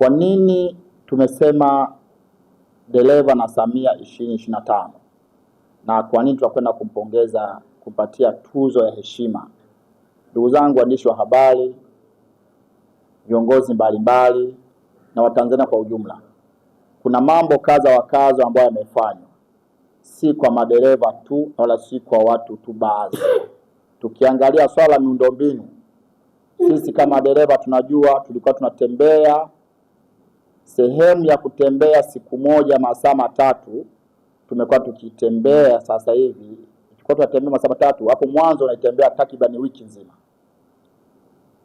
Kwa nini tumesema dereva na Samia ishirini na tano na kwa nini tunakwenda kumpongeza kumpatia tuzo ya heshima? Ndugu zangu waandishi wa habari, viongozi mbalimbali na Watanzania kwa ujumla, kuna mambo kadha wa kadha ambayo yamefanywa si kwa madereva tu wala si kwa watu tu baadhi. Tukiangalia swala la miundombinu, sisi kama dereva tunajua tulikuwa tunatembea sehemu ya kutembea siku moja masaa matatu tumekuwa tukitembea sasa hivi, tulikuwa tunatembea masaa matatu. Hapo mwanzo unaitembea takribani wiki nzima,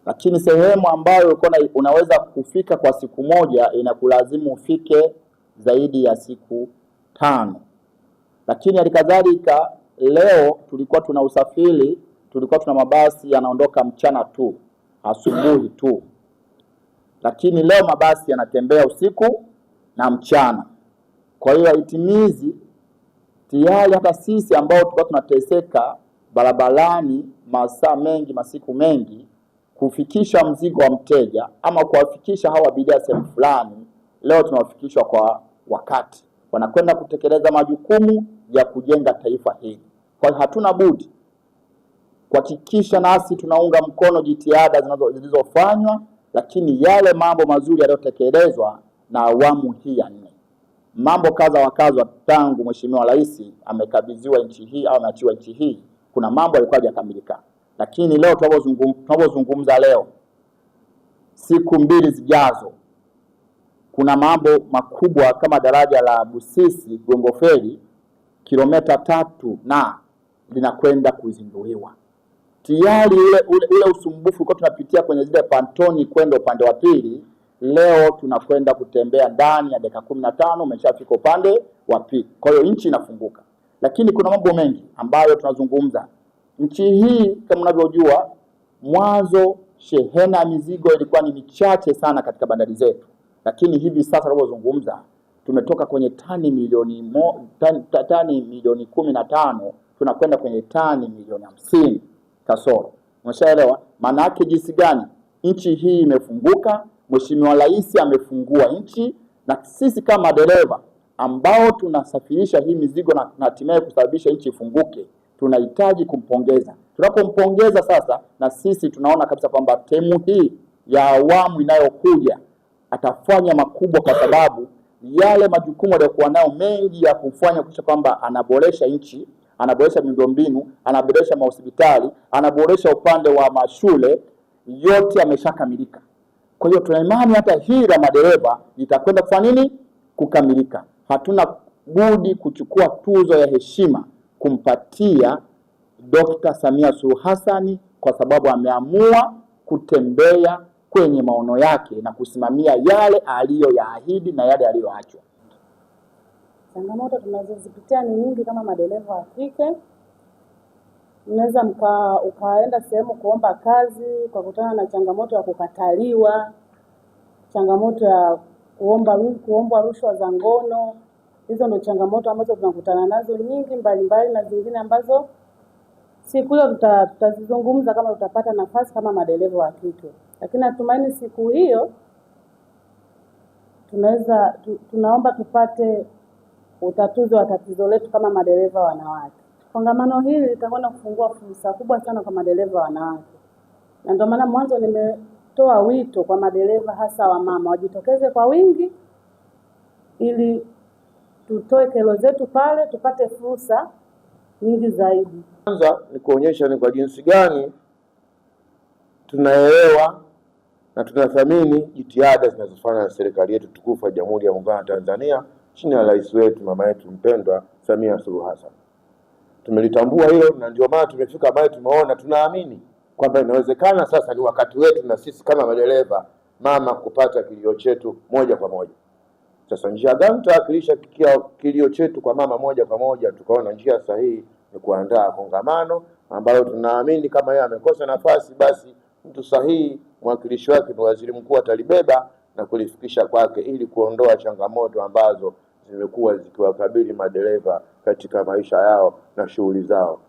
lakini sehemu ambayo uko unaweza kufika kwa siku moja inakulazimu ufike zaidi ya siku tano. Lakini halikadhalika leo tulikuwa tuna usafiri, tulikuwa tuna mabasi yanaondoka mchana tu, asubuhi tu lakini leo mabasi yanatembea usiku na mchana. Kwa hiyo haitimizi tayari, hata sisi ambao tulikuwa tunateseka barabarani masaa mengi masiku mengi kufikisha mzigo wa mteja ama kuwafikisha hawa abiria sehemu fulani, leo tunawafikishwa kwa wakati, wanakwenda kutekeleza majukumu ya kujenga taifa hili. Kwa hiyo hatuna budi kuhakikisha nasi tunaunga mkono jitihada zinazofanywa lakini yale mambo mazuri yaliyotekelezwa na awamu hii ya nne, mambo kadha wa kadha tangu Mheshimiwa Rais amekabidhiwa nchi hii au ameachiwa nchi hii, kuna mambo yalikuwa hajakamilika, lakini leo tunapozungumza leo, siku mbili zijazo, kuna mambo makubwa kama daraja la Busisi Gongo Feri kilometa tatu na linakwenda kuzinduliwa tayari ule, ule, ule usumbufu ulikuwa tunapitia kwenye zile pantoni kwenda upande wa pili, leo tunakwenda kutembea ndani ya dakika kumi na tano umeshafika upande wa pili. Kwa hiyo nchi inafunguka, lakini kuna mambo mengi ambayo tunazungumza. Nchi hii kama unavyojua, mwanzo shehena ya mizigo ilikuwa ni michache sana katika bandari zetu, lakini hivi sasa tunavyozungumza tumetoka kwenye tani milioni mo, tani, tani milioni kumi na tano tunakwenda kwenye tani milioni hamsini kasoro. Umeshaelewa maana yake jinsi gani? Nchi hii imefunguka, Mheshimiwa Rais amefungua nchi, na sisi kama madereva ambao tunasafirisha hii mizigo na hatimaye kusababisha nchi ifunguke, tunahitaji kumpongeza. Tunapompongeza sasa, na sisi tunaona kabisa kwamba temu hii ya awamu inayokuja atafanya makubwa, kwa sababu yale majukumu aliyokuwa nayo mengi ya kufanya kuisha kwamba anaboresha nchi anaboresha miundombinu, anaboresha mahospitali, anaboresha upande wa mashule, yote yameshakamilika. Kwa hiyo tuna imani hata hii la madereva litakwenda kufanya nini? Kukamilika. Hatuna budi kuchukua tuzo ya heshima kumpatia Dr. Samia Suluhu Hassan kwa sababu ameamua kutembea kwenye maono yake na kusimamia yale aliyoyaahidi na yale aliyoachwa. Changamoto tunazozipitia ni nyingi kama madereva wa kike, Unaweza mka ukaenda sehemu kuomba kazi ukakutana na changamoto ya kukataliwa, changamoto ya kuomba kuombwa rushwa za ngono. Hizo ndio changamoto ambazo tunakutana nazo nyingi mbalimbali, na zingine ambazo siku hiyo tutazizungumza kama tutapata nafasi kama madereva wa kike, lakini natumaini siku hiyo tunaweza tu, tunaomba tupate utatuzi wa tatizo letu kama madereva wanawake. Kongamano hili litakwenda kufungua fursa kubwa sana kwa madereva wanawake, na ndio maana mwanzo nimetoa wito kwa madereva, hasa wamama, wajitokeze kwa wingi ili tutoe kero zetu pale, tupate fursa nyingi zaidi. Kwanza ni kuonyesha ni kwa jinsi gani tunaelewa na tunathamini jitihada zinazofanywa na serikali yetu tukufu ya Jamhuri ya Muungano wa Tanzania chini ya rais wetu mama yetu mpendwa Samia Suluhu Hassan. Tumelitambua hilo na ndio maana tumefika mahali tumeona, tunaamini kwamba inawezekana sasa ni wakati wetu na sisi kama madereva mama kupata kilio chetu moja kwa moja. Sasa njia gani tutawakilisha kilio chetu kwa mama moja kwa moja? Tukaona njia sahihi ni kuandaa kongamano ambalo tunaamini kama yeye amekosa nafasi, basi mtu sahihi mwakilishi wake ni waziri mkuu atalibeba na kulifikisha kwake, ili kuondoa changamoto ambazo zimekuwa zikiwakabili madereva katika maisha yao na shughuli zao.